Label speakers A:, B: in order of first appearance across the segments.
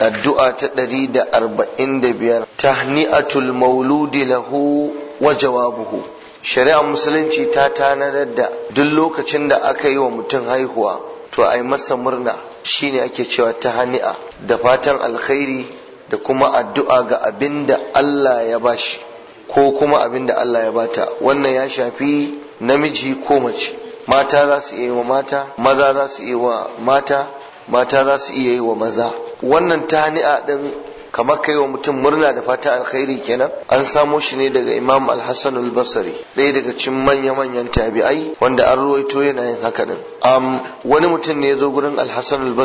A: addu'a ta 145 tahni'atul mauludi lahu wa jawabuhu shari'ar musulunci ta tanadar da duk lokacin da aka yi wa mutum haihuwa to ai masa murna shine ake cewa tahni'a da fatan alkhairi da kuma addu'a ga abinda Allah ya bashi ko kuma abinda Allah ya bata wannan ya shafi namiji ko mace mata za su iya wa mata maza za su iya wa mata mata za su iya yi wa maza wannan tahni'a din kamar kai wa mutum murna da fata alkhairi kenan an samo shi ne daga imam al-hassan ɗaya daga cin manya-manyan tabi'ai wanda an ruwaito yana yin haka din wani mutum ne ya zo gurin al-hassan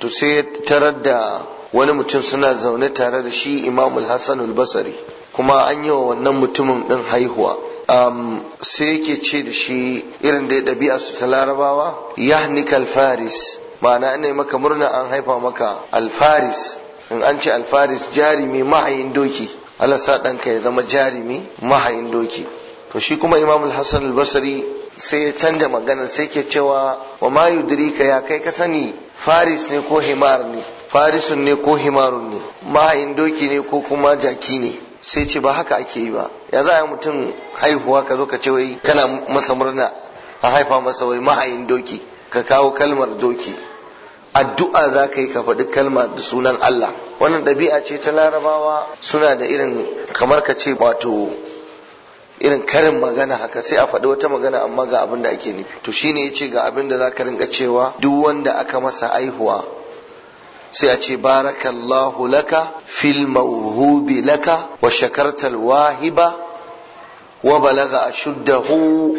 A: to sai ya tarar da wani mutum suna zaune tare da shi imam al-hassan kuma an yi wa wannan mutumin din haihuwa sai yake ce da shi irin da ya ɗabi'a su ta larabawa yahnikal faris ma'ana ne maka murna an haifa maka alfaris in an ce alfaris jarimi mahayin doki Allah sa ɗanka ya zama jarimi mahayin doki to shi kuma imamul hassan albasari sai ya canja magana sai ke cewa wa ma yudrika ya kai ka sani faris ne ko himar ne farisun ne ko himarun ne mahayin doki ne ko kuma jaki ne sai ce ba haka ake yi ba ya za a mutum haihuwa ka zo ka ce wai kana masa murna a haifa masa wai mahayin doki ka kawo kalmar doki addu'a za ka yi ka faɗi kalma da sunan Allah wannan ɗabi'a ce ta larabawa suna da irin kamar ka ce wato irin karin magana haka sai a faɗi wata magana amma ga abin da ake nufi to shi ne ya ce ga abin da za ka rinka cewa duk wanda aka masa aihuwa sai a ce barakallahu laka fil mawhubi laka wa shakartal wahiba wa balaga ashuddahu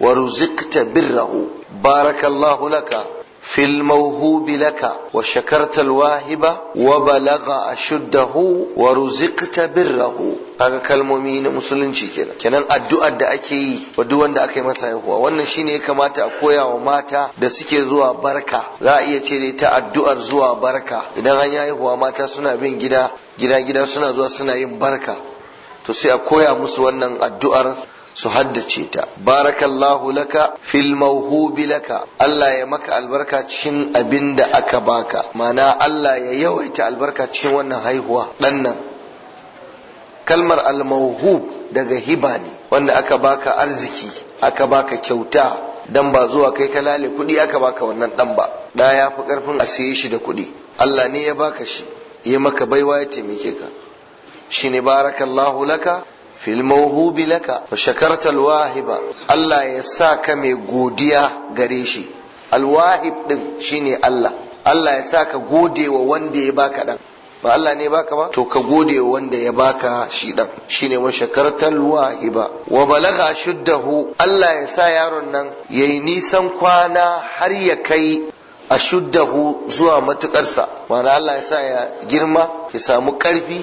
A: wa ruzikta birrahu barakallahu laka في الموهوب لك وشكرت الواهب وبلغ أشده ورزقت بره haka kalmomi na musulunci kenan kenan addu'ar da ake yi wa wanda aka yi masa haihuwa wannan shi ne ya kamata a koya wa mata da suke zuwa barka za a iya ce dai ta addu'ar zuwa barka idan an yi haihuwa mata suna bin gida gida gida suna zuwa suna yin barka to sai a koya musu wannan addu'ar su haddace ta barakallahu laka fil mawhubi laka Allah ya maka albarka cikin abin da aka baka mana Allah ya yawaita albarka cikin wannan haihuwa dan kalmar al mawhub daga hiba ne wanda aka baka arziki aka baka kyauta dan ba zuwa kai ka lale kuɗi aka baka wannan dan ba da ya fi karfin a siye shi da kuɗi Allah ne ya baka shi ya maka baiwa ya taimake ka shine barakallahu laka fil mawhubi laka wa shakarta alwahiba Allah ya sa ka mai godiya gare shi alwahib din shine Allah Allah ya sa ka gode wa wanda ya baka dan ba Allah ne baka ba to ka gode wanda ya baka shi dan shine wa shakartal wahiba wa balaga shuddahu Allah ya sa yaron nan yayi nisan kwana har ya kai ashuddahu zuwa matukarsa Mana Allah ya sa ya girma ya samu karfi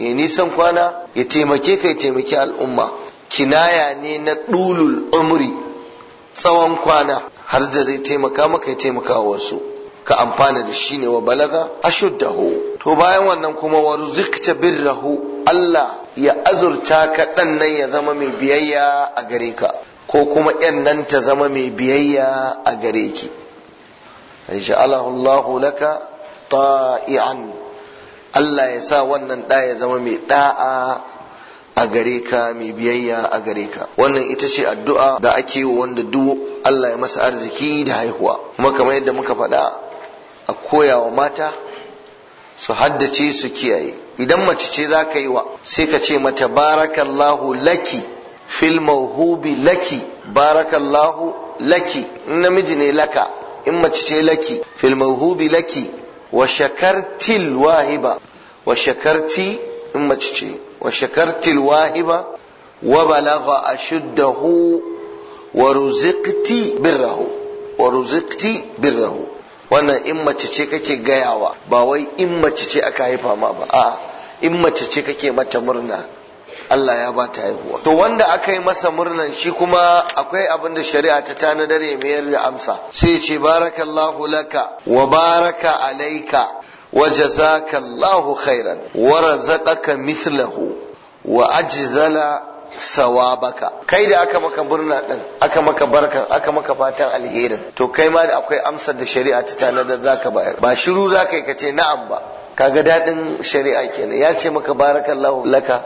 A: ya eh, nisan kwana ya taimake ka ya taimaki al'umma kinaya ne na ɗulul umri tsawon kwana har da zai taimaka maka ya taimaka wasu ka amfana da shi ne wa balaga shuddahu to bayan wannan kuma warzikta birrahu Allah ya azurta ka ɗan nan ya zama mai biyayya a gare ka ko kuma ƴan nan ta zama mai biyayya a gare ki ja'alahu Allahu laka ta'i'an Allah ya sa wannan ɗa ya zama mai ɗa'a a gare ka mai biyayya a gare ka wannan ita ce addu'a da ake yi wanda duk Allah ya masa arziki da haihuwa kuma kamar yadda muka faɗa a koyawa mata su haddace su kiyaye idan mace ce za ka yi wa sai ka ce mata barakallahu laki fil mawhubi laki barakallahu laki in namiji ne laka in mace ce laki fil mawhubi laki wa shakartil wahiba wa shakarti in mace ce wa shakarti alwahiba wa balagha ashuddahu wa ruziqti birrahu wa ruziqti birrahu wannan in mace ce kake gayawa ba wai in mace ce aka haifa ma ba a in mace ce kake mata murna Allah ya ba ta haihuwa to wanda aka yi masa murnan shi kuma akwai abin da shari'a ta tanadar ya mayar da amsa sai ce barakallahu laka wa baraka alaika وجزاك الله خيرا wa مثله واجزل wa ajzala kai da aka maka burna din aka maka barkan aka maka fatan alherin to kai ma da akwai amsar da shari'a ta da zaka bayar ba shiru zaka yi kace na'am ba kaga dadin shari'a kenan ya ce maka barakallahu laka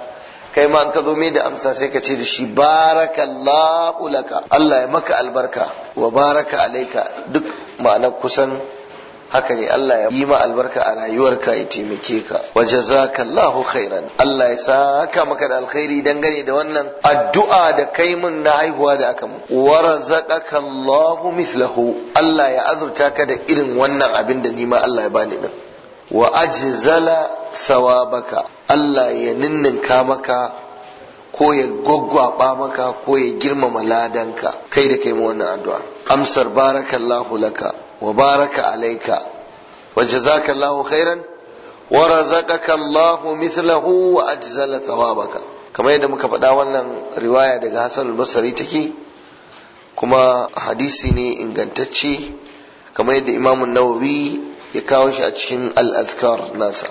A: kai ma an ka zo mai da amsa sai ka ce da shi barakallahu laka Allah ya maka albarka wa baraka alaika duk ma'anar kusan haka ne Allah ya yi ma albarka a rayuwarka ya taimake ka wa jazakallahu khairan Allah ya saka maka da alkhairi dangane da wannan addu'a da kai mun na haihuwa da aka mun wa razaqakallahu mislahu Allah ya azurta ka da irin wannan abin da ni ma Allah ya bani din wa ajzala sawabaka Allah ya ninninka maka ko ya gwaggwaba maka ko ya girmama ladanka kai da kai ma wannan addu'a amsar barakallahu laka wa baraka alayka wa jazakallahu khairan wa razaqaka Allahu mithlahu wa ajzala thawabaka kamar yadda muka faɗa wannan riwaya daga Hassan al-Basri take kuma hadisi ne ingantacce kamar yadda Imam an-Nawawi ya kawo shi a cikin al-Azkar nasa